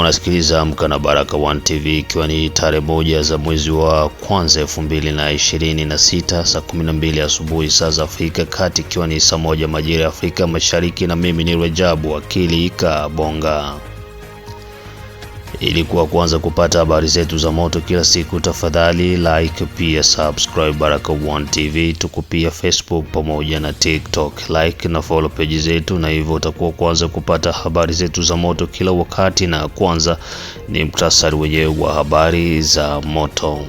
ulikuwa unasikiliza Amka na Baraka One TV ikiwa ni tarehe moja za mwezi wa kwanza elfu mbili na ishirini na sita saa kumi na mbili asubuhi saa za Afrika Kati ikiwa ni saa moja majira ya Afrika Mashariki, na mimi ni Rejabu Akili Ika Bonga. Ilikuwa kuanza kupata habari zetu za moto kila siku, tafadhali like, pia subscribe Baraka1 TV. Tuko pia Facebook pamoja na TikTok, like na follow page zetu, na hivyo utakuwa kuanza kupata habari zetu za moto kila wakati. Na kwanza ni mtasari wenyewe wa habari za moto.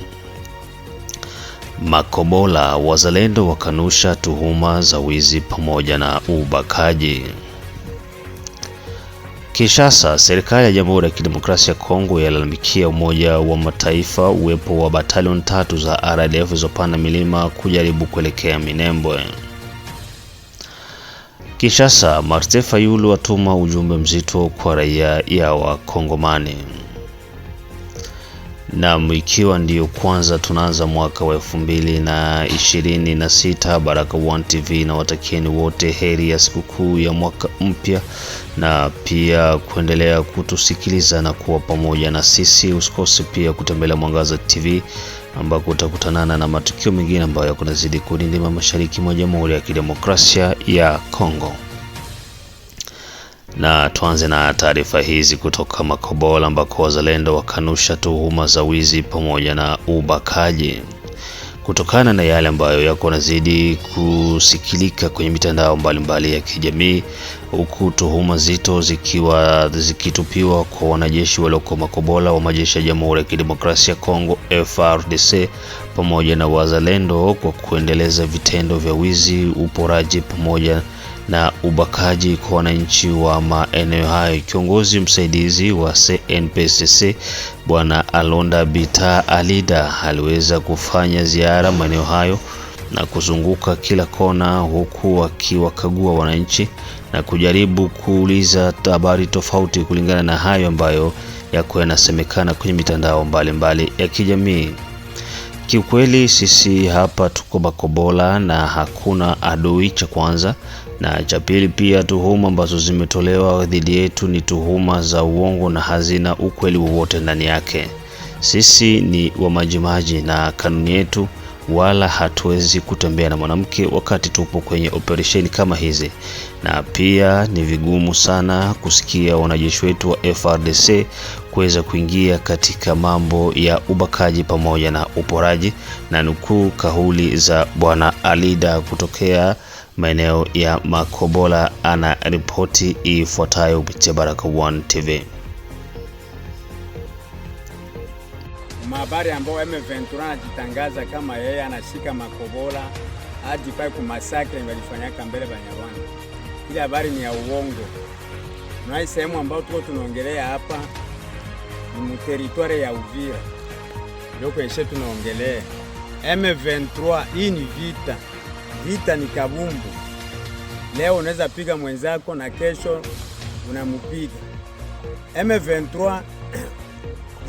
Makobola wazalendo wakanusha tuhuma za wizi pamoja na ubakaji. Kinshasa, serikali ya Jamhuri ya Kidemokrasia ya Kongo yalalamikia Umoja wa Mataifa uwepo wa batalion tatu za RDF zilizopanda milima kujaribu kuelekea Minembwe. Kinshasa, Martin Fayulu atuma ujumbe mzito kwa raia ya Wakongomani. Naam, ikiwa ndiyo kwanza tunaanza mwaka wa elfu mbili na ishirini na sita, Baraka One TV na watakieni wote heri ya sikukuu ya mwaka mpya, na pia kuendelea kutusikiliza na kuwa pamoja na sisi. Usikose pia kutembelea Mwangaza TV ambako utakutanana na matukio mengine ambayo kunazidi kurindima mashariki mwa Jamhuri ya Kidemokrasia ya Kongo. Na tuanze na taarifa hizi kutoka Makobola ambako wazalendo wakanusha tuhuma za wizi pamoja na ubakaji kutokana na yale ambayo yako nazidi kusikilika kwenye mitandao mbalimbali mbali ya kijamii, huku tuhuma zito zikiwa zikitupiwa kwa wanajeshi walioko Makobola wa majeshi ya Jamhuri ya Kidemokrasia ya Kongo frdc pamoja na wazalendo kwa kuendeleza vitendo vya wizi, uporaji pamoja na ubakaji kwa wananchi wa maeneo hayo. Kiongozi msaidizi wa CNPSC Bwana Alonda Bita Alida aliweza kufanya ziara maeneo hayo na kuzunguka kila kona huku akiwakagua wananchi na kujaribu kuuliza habari tofauti kulingana na hayo ambayo yako yanasemekana kwenye mitandao mbalimbali mbali ya kijamii. Kiukweli sisi hapa tuko Bakobola na hakuna adui, cha kwanza na cha pili. Pia tuhuma ambazo zimetolewa dhidi yetu ni tuhuma za uongo na hazina ukweli wowote ndani yake. Sisi ni wamajimaji na kanuni yetu wala hatuwezi kutembea na mwanamke wakati tupo kwenye operesheni kama hizi, na pia ni vigumu sana kusikia wanajeshi wetu wa frdc kuweza kuingia katika mambo ya ubakaji pamoja na uporaji, na nukuu kauli za Bwana Alida kutokea maeneo ya Makobola, ana ripoti ifuatayo kupitia Baraka1 TV. mahabari ambao M23 anajitangaza kama yeye anashika Makobola hadi pale kumasakre walifanyaka mbele Banyarwanda, ile habari ni ya uongo. Na sehemu ambayo tuko tunaongelea hapa ni muteritware ya Uvira, ndio kwenyeshe tunaongelea M23. Hii ni vita, vita ni kabumbu. Leo unaweza piga mwenzako na kesho unamupiga M23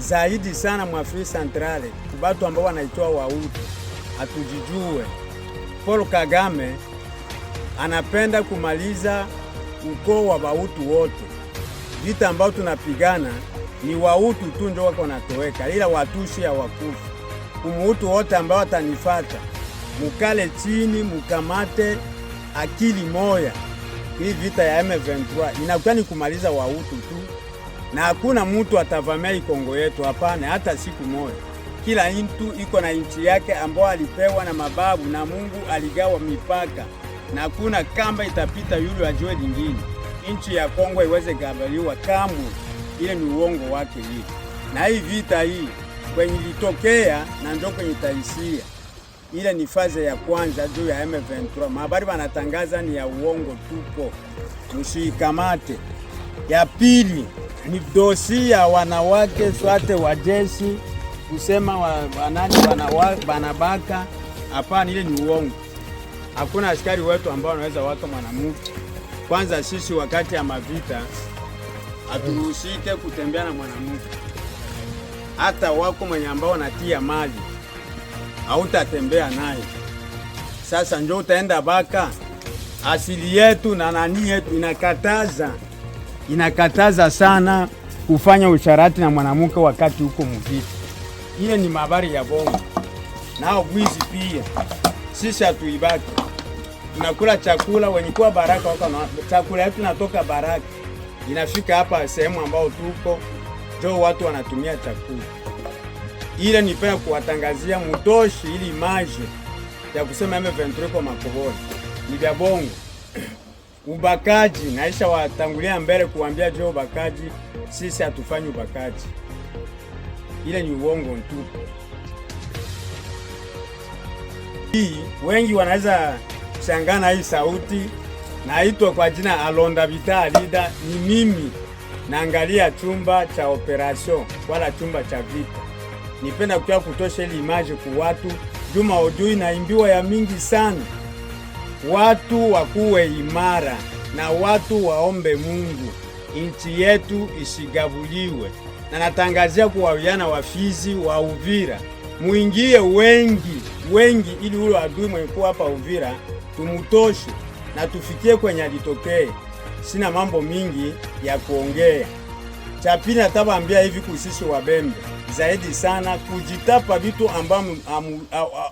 zaidi sana mwafrika Santrale kubatu ambao wanaitwa waude hatujijue. Paul Kagame anapenda kumaliza ukoo wa wautu wote. Vita ambao tunapigana ni wautu tu ndio wako natoweka, ila watushi ya wakufu kumuutu wote ambao watanifata, mukale chini, mukamate akili moya. Hii vita ya M23 inakutani kumaliza wautu tu na hakuna mtu atavamia ikongo yetu, hapana, hata siku moja. Kila mtu iko na nchi yake ambayo alipewa na mababu, na Mungu aligawa mipaka, na hakuna kamba itapita yule ajue lingine. Nchi ya Kongo iweze gabaliwa kamwe, ile ni uongo wake hii. Na hii vita hii kwenye litokea na ndio kwenye taisia, ile ni faze ya kwanza juu ya M23. Mahabari wanatangaza ni ya uongo, tupo musiikamate. Ya pili ni dosi ya wanawake swate wa jeshi kusema wanani wanabaka. Hapana, ile ni uongo. Hakuna askari wetu ambao wanaweza waka mwanamke. Kwanza sisi wakati ya mavita haturuhusike kutembea na mwanamke, hata wako mwenye ambao wanatia mali hautatembea naye. Sasa njo utaenda baka, asili yetu na nani yetu inakataza inakataza sana kufanya usharati na mwanamke wakati huko mvita. Ile ni mabari ya bongo, nao bwizi pia. Sisi hatuibaki tunakula chakula wenye kuwa baraka wako na chakula yetu natoka baraka inafika hapa sehemu ambao tuko jo, watu wanatumia chakula ile. pia kuwatangazia mutoshi ili imaje ya kusema M23 kwa Makobola ni vya bongo. Ubakaji naisha watangulia mbele kuambia juu ubakaji, sisi hatufanyi ubakaji, ile ni uongo tu. Hii wengi wanaweza na hii sauti naitwa kwa jina Alonda Vitaa Lida, ni mimi naangalia chumba cha operation wala chumba cha vita. Nipenda kutoa kutosha ile image kwa watu juma ojui, naimbiwa ya mingi sana watu wakuwe imara na watu waombe Mungu, nchi yetu isigabuliwe Na natangazia kwa vijana wa Fizi wa Uvira mwingie wengi wengi, ili ule adui mwenye kuwa hapa Uvira tumutoshe na tufikie kwenye alitokee. Sina mambo mingi ya kuongea. Cha pili, natabambia hivi kusisi wabembe zaidi sana kujitapa vitu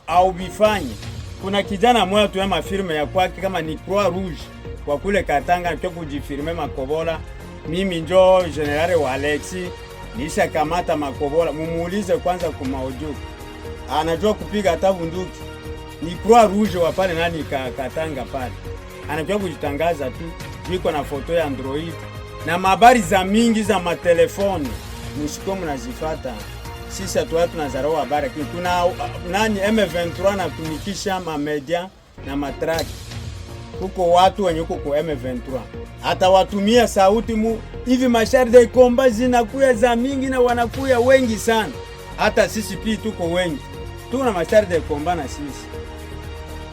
au bifanye kuna kijana mmoja ama firme ya kwake kama ni Croix Rouge kwa kule Katanga ndio kujifirme makobola. Mimi njo generale wa Alexi nisha kamata makobola, mumuulize kwanza kumaujuku, anajua kupiga hata bunduki. Ni Croix Rouge wa pale nani ka Katanga pale, anajua kujitangaza tu, jiko na foto ya Android na mabari za mingi za matelefoni, musiko mnazifata sisi hatuwa tunazarau habari, lakini tuna nani M23 natumikisha mamedia na matraki huko, watu wenye huko kwa M23 atawatumia sauti mu hivi, masharde ikomba zinakuya za mingi na wanakuya wengi sana. Hata sisi pia tuko wengi, tuna masharde ikomba na sisi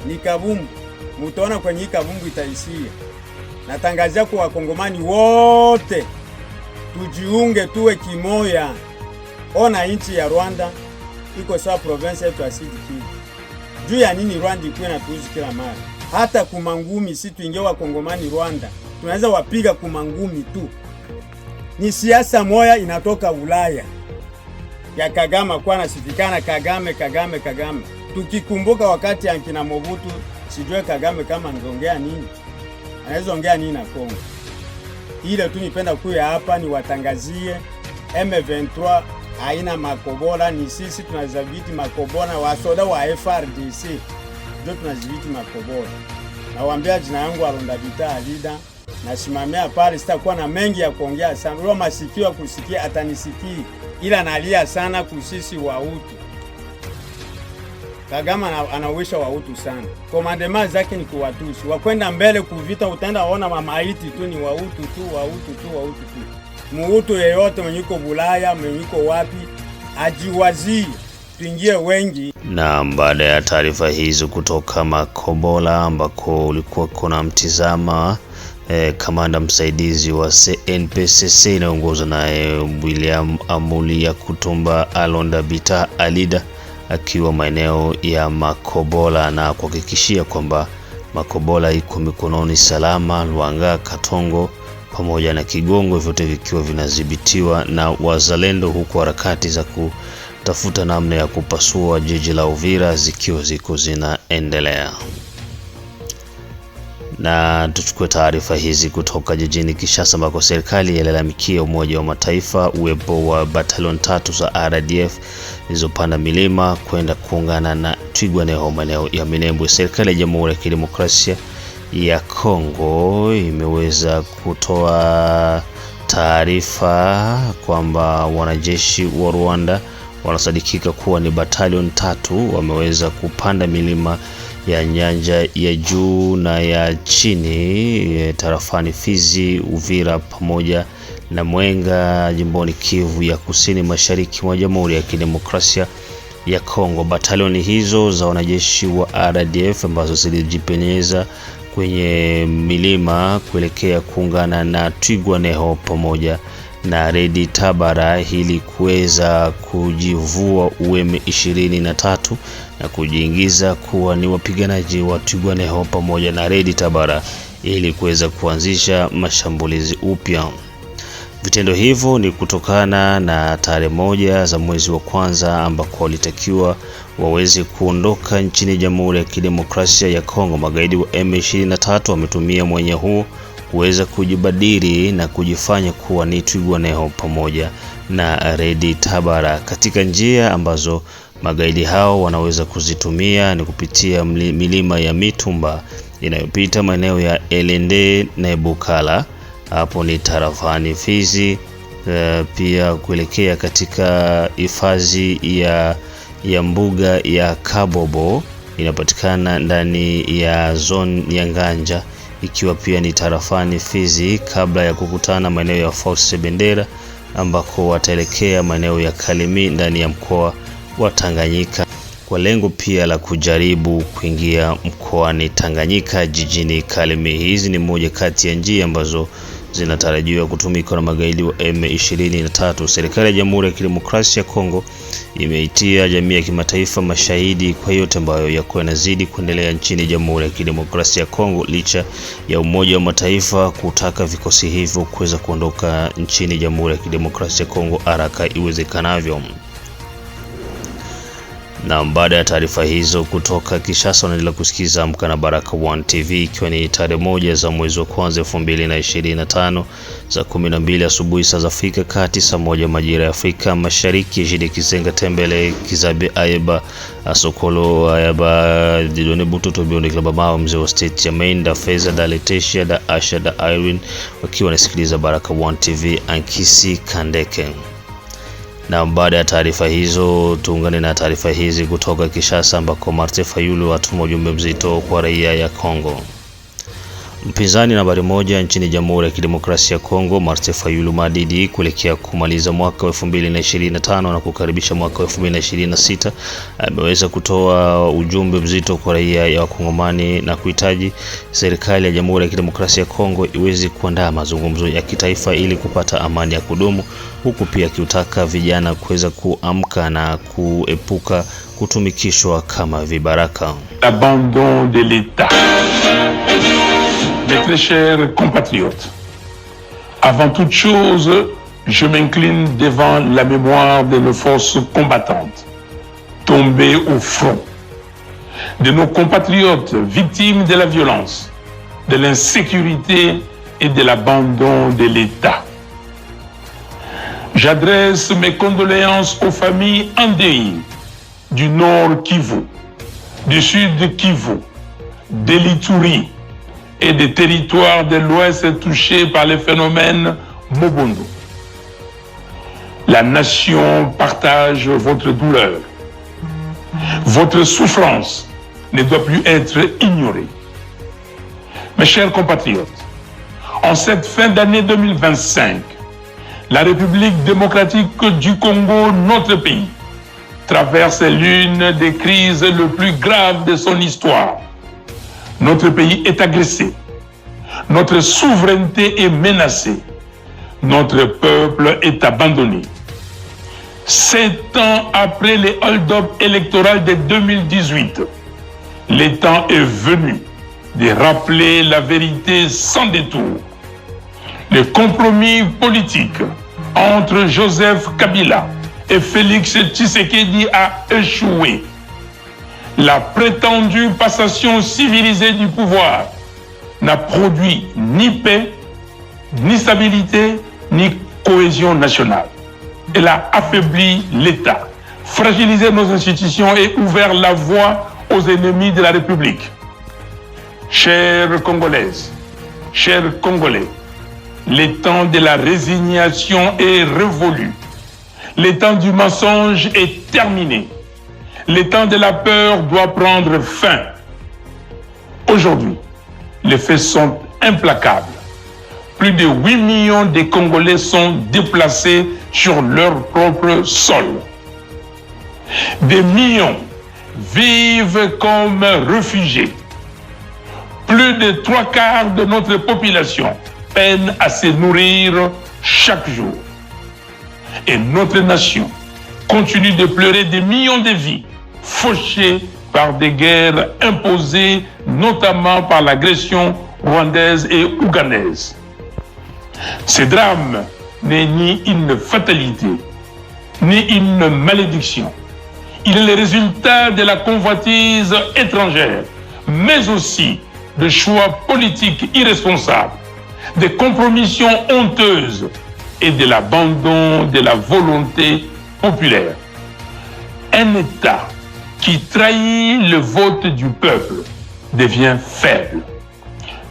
ni kabumbu, mutaona kwenye kabumbu itaishia. Natangazia kwa wakongomani wote tujiunge, tuwe kimoya. Ona nchi ya Rwanda iko sawa province yetu ya Sud Kivu. Juu ya nini Rwanda ikuwe na tuuzi kila mara? Hata kumangumi si wa wakongomani Rwanda, tunaweza wapiga kumangumi tu. Ni siasa moya inatoka Ulaya ya Kagame, kwa nasifikana Kagame, Kagame, Kagame. Tukikumbuka wakati ankina Mobutu, sijue Kagame kama angeongea nini, anaweza ongea nini na Kongo. Ile tu nipenda kuya hapa niwatangazie M23 haina makobola, ni sisi tunazibiti makobola, wasoda wa FRDC ndio tunazibiti makobola. Nawaambia jina yangu Arunda Vita Alida, nasimamia pale, sitakuwa na mengi ya kuongea sana. Ule masikio ya kusikia atanisikii, ila nalia sana kusisi wautu. Kagama anauisha wautu sana, komandema zake ni kuwatusi, wakwenda mbele kuvita, utaenda waona mamaiti tu ni wautu tu, wautu tu, wautu tu muutu yeyote mwenye uko Bulaya, mwenye wapi, ajiwazii tuingie wengi. Na baada ya taarifa hizo kutoka Makobola ambako ulikuwa kuna mtizama eh, kamanda msaidizi wa CNPCC inayoongozwa naye eh, William ya Kutumba Alonda Bita Alida akiwa maeneo ya Makobola na kuhakikishia kwamba Makobola iko mikononi salama Lwanga Katongo pamoja na Kigongo, vyote vikiwa vinadhibitiwa na wazalendo, huku harakati za kutafuta namna ya kupasua jiji la Uvira zikiwa ziko zinaendelea. Na tuchukue taarifa hizi kutoka jijini kishasa ambako serikali yalalamikia Umoja wa Mataifa uwepo wa batalion tatu za RDF zilizopanda milima kwenda kuungana na Twigwaneho maeneo ya Minembwe. Serikali ya Jamhuri ya Kidemokrasia ya Kongo imeweza kutoa taarifa kwamba wanajeshi wa Rwanda wanasadikika kuwa ni batalion tatu wameweza kupanda milima ya nyanja ya juu na ya chini e, tarafani Fizi, Uvira pamoja na Mwenga jimboni Kivu ya Kusini Mashariki mwa Jamhuri ya Kidemokrasia ya Kongo. Batalioni hizo za wanajeshi wa RDF ambazo zilijipenyeza kwenye milima kuelekea kuungana na Twigwaneho pamoja na Redi Tabara ili kuweza kujivua UM 23 na kujiingiza kuwa ni wapiganaji wa Twigwaneho pamoja na Redi Tabara ili kuweza kuanzisha mashambulizi upya. Vitendo hivyo ni kutokana na tarehe moja za mwezi wa kwanza ambako walitakiwa waweze kuondoka nchini Jamhuri ya Kidemokrasia ya Kongo. Magaidi wa M23 wametumia mwenye huu kuweza kujibadili na kujifanya kuwa ni Twigwaneho pamoja na Redi Tabara. Katika njia ambazo magaidi hao wanaweza kuzitumia ni kupitia milima ya Mitumba inayopita maeneo ya Elende na Bukala, hapo ni tarafani Fizi, eh, pia kuelekea katika hifadhi ya ya mbuga ya Kabobo inapatikana ndani ya zone ya Nganja ikiwa pia ni tarafani Fizi, kabla ya kukutana maeneo ya Fort Sebendera ambako wataelekea maeneo ya Kalemi ndani ya mkoa wa Tanganyika kwa lengo pia la kujaribu kuingia mkoani Tanganyika jijini Kalemi. Hizi ni moja kati ya njia ambazo zinatarajiwa kutumika na magaidi wa M23. Serikali ya Jamhuri ya Kidemokrasia ya Kongo imeitia jamii ya kimataifa mashahidi kwa yote ambayo yako yanazidi kuendelea nchini Jamhuri ya Kidemokrasia ya Kongo, licha ya Umoja wa Mataifa kutaka vikosi hivyo kuweza kuondoka nchini Jamhuri ya Kidemokrasia ya Kongo haraka iwezekanavyo. Na baada ya taarifa hizo kutoka Kishasa, unaendelea kusikiza Amka na Baraka One TV, ikiwa ni tarehe moja za mwezi wa kwanza 2025 saa 12 asubuhi saa za Afrika Kati, saa moja majira ya Afrika Mashariki. Jide Kizenga Tembele Kizabe Ayeba Asokolo Ayaba Didone Butoto Bionde Klabama mzee wa state Germain da Feza da Leticia da Asha da Irene wakiwa wanasikiliza Baraka One TV. Ankisi Kandeke na baada ya taarifa hizo, tuungane na taarifa hizi kutoka Kishasa ambako Martin Fayulu atuma ujumbe mzito kwa raia ya Kongo. Mpinzani nambari moja nchini Jamhuri ya Kidemokrasia ya Kongo, Martin Fayulu Madidi, kuelekea kumaliza mwaka wa 2025 na kukaribisha mwaka wa 2026, ameweza kutoa ujumbe mzito kwa raia ya Wakongomani na kuhitaji serikali ya Jamhuri ya Kidemokrasia ya Kongo iweze kuandaa mazungumzo ya kitaifa ili kupata amani ya kudumu, huku pia akiutaka vijana kuweza kuamka na kuepuka kutumikishwa kama vibaraka. Abandon de l'Etat. Mes très chers compatriotes, avant toute chose, je m'incline devant la mémoire de nos forces combattantes tombées au front, de nos compatriotes victimes de la violence, de l'insécurité et de l'abandon de l'État. J'adresse mes condoléances aux familles endeuillées du Nord Kivu, du Sud Kivu, de et des territoires de l'Ouest touchés par les phénomènes Mobondo. La nation partage votre douleur. Votre souffrance ne doit plus être ignorée. Mes chers compatriotes, en cette fin d'année 2025, la République démocratique du Congo, notre pays, traverse l'une des crises les plus graves de son histoire notre pays est agressé. Notre souveraineté est menacée. Notre peuple est abandonné. Sept ans après les hold-up électoraux de 2018, le temps est venu de rappeler la vérité sans détour. Le compromis politique entre Joseph Kabila et Félix Tshisekedi a échoué la prétendue passation civilisée du pouvoir n'a produit ni paix, ni stabilité, ni cohésion nationale. Elle a affaibli l'État, fragilisé nos institutions et ouvert la voie aux ennemis de la République. Chères Congolaises, chers Congolais, le temps de la résignation est révolu. Le temps du mensonge est terminé le temps de la peur doit prendre fin. Aujourd'hui, les faits sont implacables. Plus de 8 millions de Congolais sont déplacés sur leur propre sol. Des millions vivent comme réfugiés. Plus de trois quarts de notre population peinent à se nourrir chaque jour. Et notre nation continue de pleurer des millions de vies fauchés par des guerres imposées notamment par l'agression rwandaise et ougandaise. Ce drame n'est ni une fatalité, ni une malédiction. Il est le résultat de la convoitise étrangère, mais aussi de choix politiques irresponsables, des compromissions honteuses et de l'abandon de la volonté populaire. Un État qui trahit le vote du peuple devient faible.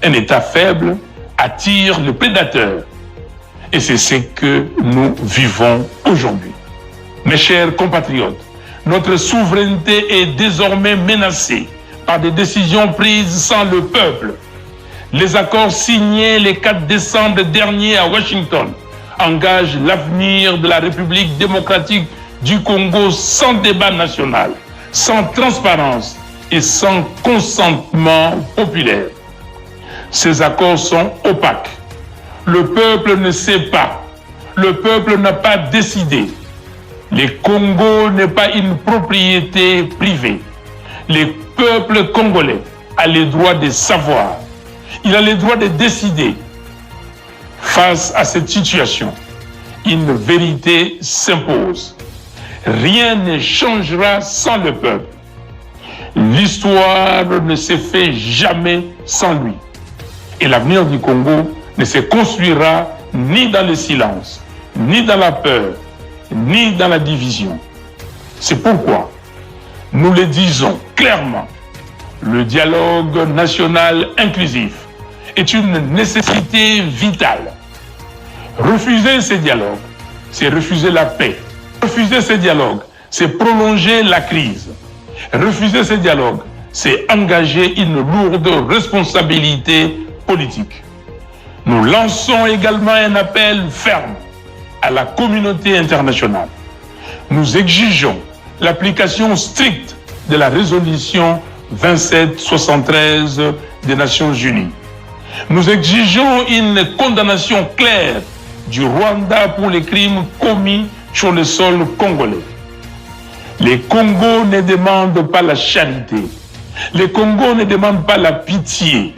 Un État faible attire le prédateur. Et c'est ce que nous vivons aujourd'hui. Mes chers compatriotes, notre souveraineté est désormais menacée par des décisions prises sans le peuple. Les accords signés le 4 décembre dernier à Washington engagent l'avenir de la République démocratique du Congo sans débat national sans transparence et sans consentement populaire. Ces accords sont opaques. Le peuple ne sait pas. Le peuple n'a pas décidé. Le Congo n'est pas une propriété privée. Le peuple congolais a le droit de savoir. Il a le droit de décider. Face à cette situation, une vérité s'impose. Rien ne changera sans le peuple. L'histoire ne se fait jamais sans lui. Et l'avenir du Congo ne se construira ni dans le silence, ni dans la peur, ni dans la division. C'est pourquoi nous le disons clairement, le dialogue national inclusif est une nécessité vitale. Refuser ce dialogue, c'est refuser la paix, Refuser ce dialogue, c'est prolonger la crise. Refuser ce dialogue, c'est engager une lourde responsabilité politique. Nous lançons également un appel ferme à la communauté internationale. Nous exigeons l'application stricte de la résolution 2773 des Nations Unies. Nous exigeons une condamnation claire du Rwanda pour les crimes commis sur le sol congolais. Les Congos ne demandent pas la charité. Les Congos ne demandent pas la pitié.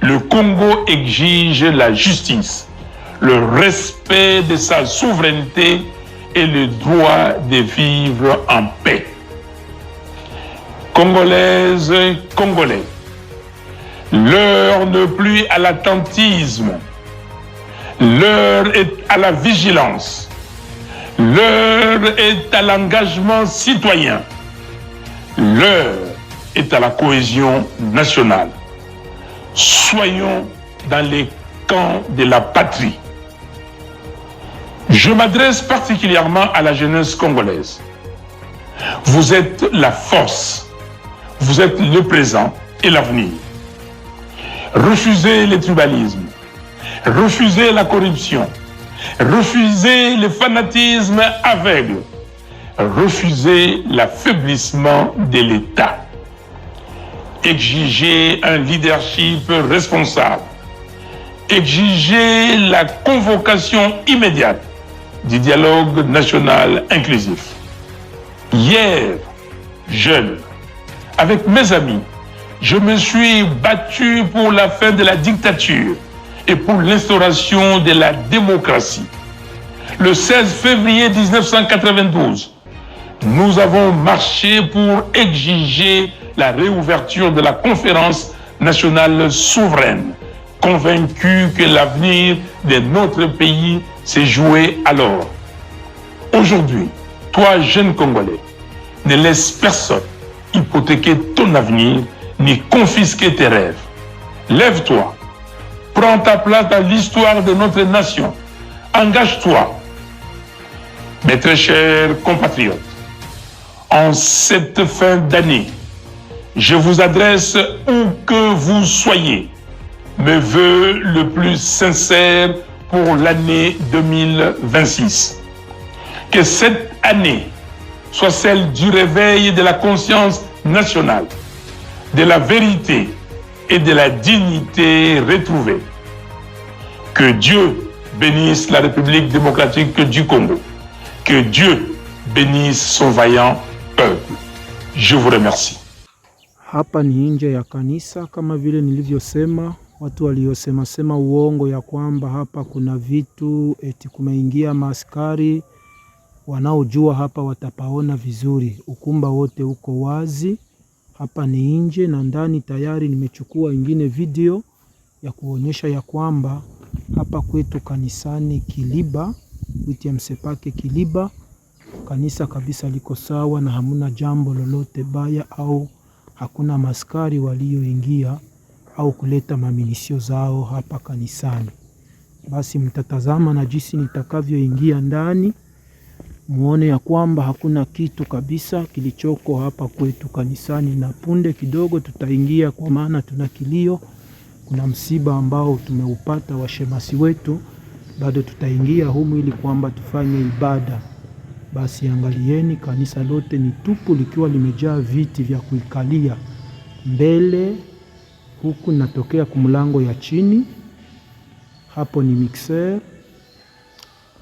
Le Congo exige la justice, le respect de sa souveraineté et le droit de vivre en paix. Congolaises, Congolais, l'heure ne plus à l'attentisme, l'heure est à la vigilance L'heure est à l'engagement citoyen. L'heure est à la cohésion nationale. Soyons dans les camps de la patrie. Je m'adresse particulièrement à la jeunesse congolaise. Vous êtes la force, vous êtes le présent et l'avenir. Refusez les tribalismes, refusez la corruption, Refuser le fanatisme aveugle. Refusez l'affaiblissement de l'État. Exigez un leadership responsable. Exigez la convocation immédiate du dialogue national inclusif. Hier, jeune, avec mes amis, je me suis battu pour la fin de la dictature et pour l'instauration de la démocratie. Le 16 février 1992, nous avons marché pour exiger la réouverture de la conférence nationale souveraine, convaincus que l'avenir de notre pays s'est joué alors. Aujourd'hui, toi, jeune Congolais, ne laisse personne hypothéquer ton avenir ni confisquer tes rêves. Lève-toi Prends ta place dans l'histoire de notre nation. Engage-toi. Mes très chers compatriotes, en cette fin d'année, je vous adresse où que vous soyez mes voeux le plus sincères pour l'année 2026. Que cette année soit celle du réveil de la conscience nationale, de la vérité et de la dignité retrouvée. Que Dieu bénisse la République démocratique du Congo. Que Dieu bénisse son vaillant peuple. Je vous remercie. Hapa ni nje ya kanisa kama vile nilivyosema, watu waliosema sema uongo ya kwamba hapa kuna vitu eti kumeingia maaskari wanaojua hapa watapaona vizuri. Ukumba wote uko wazi, hapa ni nje na ndani. Tayari nimechukua ingine video ya kuonyesha ya kwamba hapa kwetu kanisani Kiliba, UTMC msepake Kiliba. Kanisa kabisa liko sawa na hamuna jambo lolote baya, au hakuna maskari walioingia au kuleta maminisio zao hapa kanisani. Basi mtatazama na jinsi nitakavyoingia ndani, muone ya kwamba hakuna kitu kabisa kilichoko hapa kwetu kanisani, na punde kidogo tutaingia, kwa maana tuna kilio kuna msiba ambao tumeupata wa shemasi wetu, bado tutaingia humu ili kwamba tufanye ibada. Basi angalieni, kanisa lote ni tupu likiwa limejaa viti vya kuikalia mbele huku natokea kumlango ya chini, hapo ni mixer,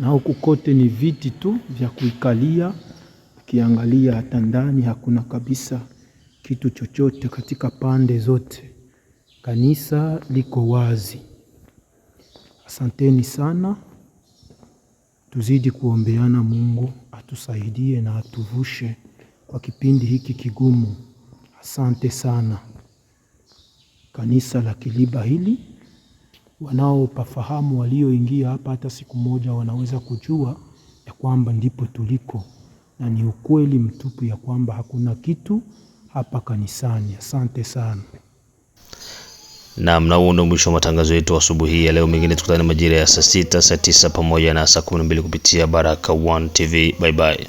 na huku kote ni viti tu vya kuikalia. Ukiangalia hata ndani hakuna kabisa kitu chochote katika pande zote. Kanisa liko wazi. Asanteni sana, tuzidi kuombeana Mungu atusaidie na atuvushe kwa kipindi hiki kigumu. Asante sana kanisa la Kiliba hili. Wanaopafahamu walioingia hapa hata siku moja wanaweza kujua ya kwamba ndipo tuliko, na ni ukweli mtupu ya kwamba hakuna kitu hapa kanisani. Asante sana. Naam, na huo ndio mwisho wa matangazo yetu asubuhi ya leo. Mengine tukutane majira ya saa sita, saa tisa pamoja na saa kumi na mbili kupitia Baraka One TV. Bye bye.